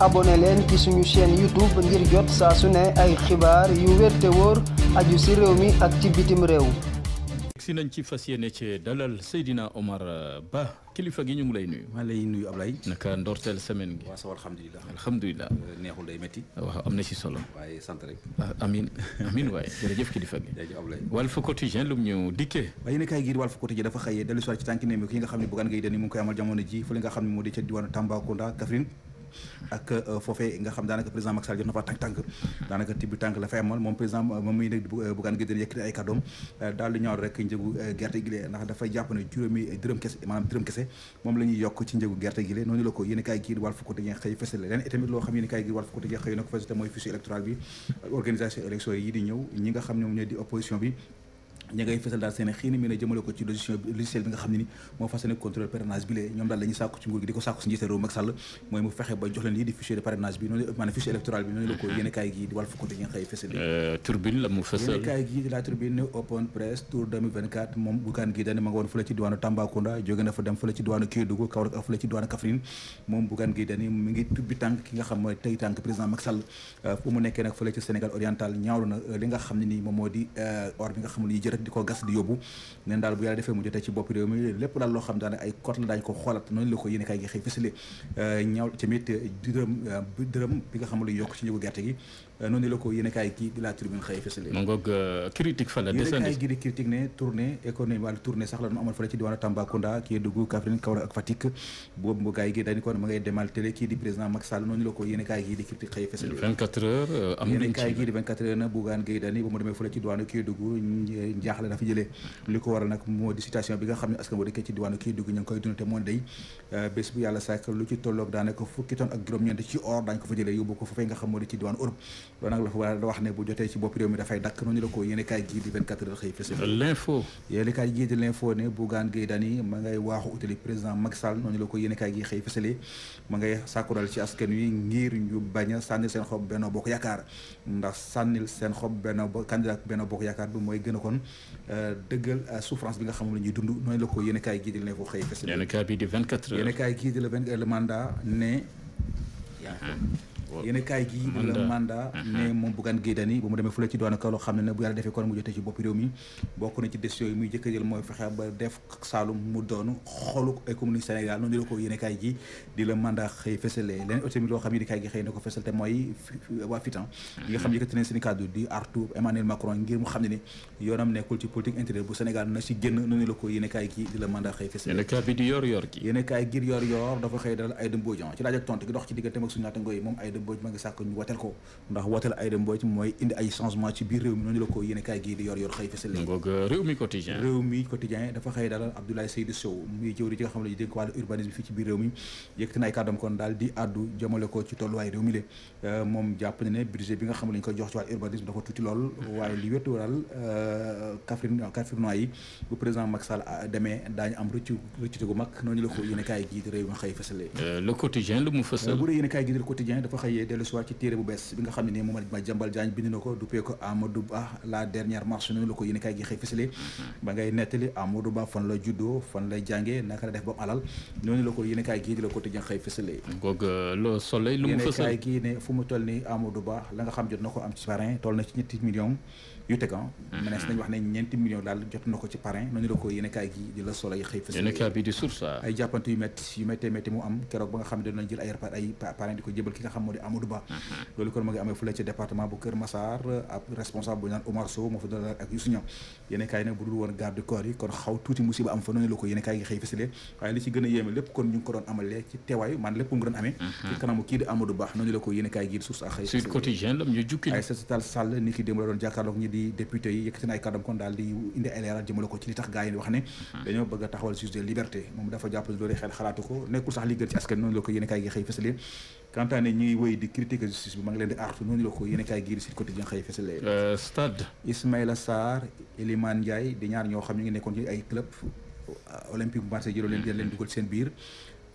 abonné leen ci suñu chaîne YouTube ngir jot saa su ne ay xibaar yu wér te wóor aju si réew mi ak ci bitim réew. si nañ ci fas yéene ci dalal Seydina Omar euh, Ba kilifa gi ñu ngi lay nuyu. maa lay nuyu Ablaye. naka ndorteel semaine gi. waaw sa alhamdulilah. alhamdulilah. Euh, neexul day métti. waaw am na si solo. waaye sant rek. Ah, amin amin waaye jërëjëf kilifa gi. jërëjëf Ablaye. Walf Quotidien ñu dikkee. waaye yéen a kaay gi Walf Quotidien dafa xëyee dellu si ci tànki nga xam ne Bougane Gueye Dany mu ngi ca diwaanu Tambacounda Kaffrine ak euh, foofee nga xam daanaka président Macky Sall jot na fa tànk-tànk daanaka tibb tànk la fa amal moom président euh, moom muy nekk euh, Bougane Gueye Dany yëkkati di ñaaw gi lee ndax dafay jàpp ne juróomi dërëm kese maanaam dërëm kese moom la yokk ci njëgu gerte gi lee noonu la ko yéen kaay gii Walf Quotidien xëy fesale leen itamit loo xam yéen kaay gii Walf Quotidien xëy na ko fesale mooy fichier électoral bi organisation élection yi di ñëw ñi nga xam ne ñoo di opposition bi ñi fësal daal seen xiini mi jëmale ko ci logiciel bi nga xam ne ni moo fas yéene contrôle parrainage bi lee ñoom daal la ñuy ci nguur gi di ko sàkku si njiité réew Macky mooy mu fexe ba jox leen lii di fichier de parrainage bi noonu maanaam fichier électoral bi noonu la ko di wàllu fukkote yi fësal turbine la mu fësal yéene kaay gi la turbine open press tour 2024 moom Bougane na moom Bougane Gueye Dany mi ngi tubbi tànk ki nga xam mooy tey tànk président di ko gas di yóbbu neen daal bu yàlla defee mu jotee ci bopp réew mi lépp daal loo xam daanaka ay code la daañu ko xoolat noonu la ko yéene gi xëy fësale euh, ñaaw tamit euh, dërëm euh, noonu la ko yéene gi di la di kii di président Macky la ko yéene heures am gi di 24 heures na Bougane Gueye Dany ba mu demee fële ci diwaanu kii dugg jaaxle dafa jëlee li ko waral nag moo di situation bi nga xam ne askan bu dëkkee ci diwaanu kii dugg ñu koy dund te moo day euh, bés bu yàlla sàkk lu ci tolloog daanaka fukki ton ak juróom-ñeent ci or daañ ko fa jëlee yóbbu ko fa fay nga xam moo di ci diwaanu Europe loolu nag la fa war a wax ne bu jotee ci bopp réew mi dafay dakk noonu la ko yéene kaay xëy fës l'info ma ngay waaxu utali président Macky Sall ci askan wi ngir ñu bañ a sànnil seen xob Benno Bokk Yaakaar ndax sànnil seen xob Benno Bokk candidat Benno Bokk Yaakaar bi mooy kon Euh, dëggal euh, souffrance bi nga xam la ñuy dund nooy la ko yéen kaay gii di la ne ko xëy. yéen a kaay bii di 24 heures yéen a gii di la 24 le mandat ne. yéen kaay gi di la mandat ne moom a jël mooy xëy fësale leneen tamit di kaay gi xëy ngir mu xam ne xëy fësale yéen kaay gi ci laaj ak tontu gi dox ci diggante ak suñu naatangoo yi moom Aïda Mbodj ma ngi sàkk ñu woteel ko ndax woteel Aïda Mbodj mooy indi ay changement ci biir réew mi noonu la ko yéene gii di réew mi quotidien réew mi quotidien dafa xëy daal euh, mm. euh, bu président Macky euh, gii di réew mi xëy fësal le quotidien lu mu fësal bu dee yéene gii di quotidien dafa xëy xëyee dellu si waat ci téere bu bees bi nga xam ne nii moom ma jàmbal jaañ bind gi ne fu mu toll nii Amadou Ba la nga xam jot na ko am ci parrain toll na ci ñetti millions yu tegan ah. mm-hmm. mënees nañ wax ne ñeenti millions daal jot na ko ci parrain noonu la ko yéen gi di la soleil xëy fësale ay jàppante yu métti yu méttee mu am keroog ba nga xam ne doon jël ay parrain di ko jëbal ki nga xam moo di Amadou Ba uh-huh. loolu kon ma ngi amee fële ci département bu Kër Massar ab responsable naan Omar moo fa doon ak Youssou yi kon kaay a yéeme ko doon amalee ci teewaay man lépp mu ngi doon amee uh-huh. ci kanamu kii di Amadou Ba noonu la kaay wax ne uh-huh. dañoo bëgg a taxawal juge de liberté moom dafa jàpp loolu xel xalaatu ko nekkul sax li gën ci askan noonu la ko yéen gi xëy fësale quant ne ñuy wéy di critiquer justice bi ma di artu noonu la ko yéen a kaay gii di Sud Quotidien xëy fësale euh, stade Ismaïla Sarr di ñaar ñoo xam ñu ngi nekkoon ci ay club euh, olympique bu Marseille jëloo leen leen dugal seen biir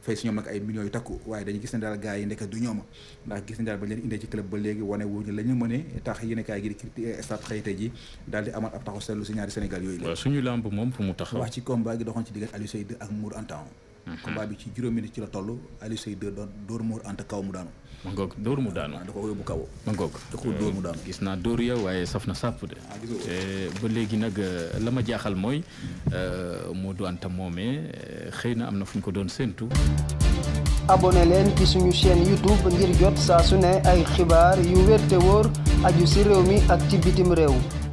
fay si ñoom nag ay millions yu takku waaye dañu gis ne daal gars yi ndekk du ñooma ndax gis ne daal ba leen indee ci club ba léegi wane wuñu la ñu mëne tax yéen a kaay gii di critiquer euh, stade ji daal di amal ab taxaw yooyu la suñu lamb moom fu mu taxaw wax ci combat gi doxoon ci diggante Aliou Mhm. combat bi ci juróomi minute ci la toll Aliou Seye deux doon dóor mu anta kaw mu daanu ma ngoog dóor mu gis naa dóor ya waaye saf na sàpp de ah, eh, ba léegi nag eh, la ma jaaxal mooy moo eh, Modou Anta moomee xëy na am na fu ñu ko doon séentu abonné leen ci suñu chaîne YouTube ngir jot saa su ne ay xibaar yu wér te wóor aju ci réew mi ak ci bitim réew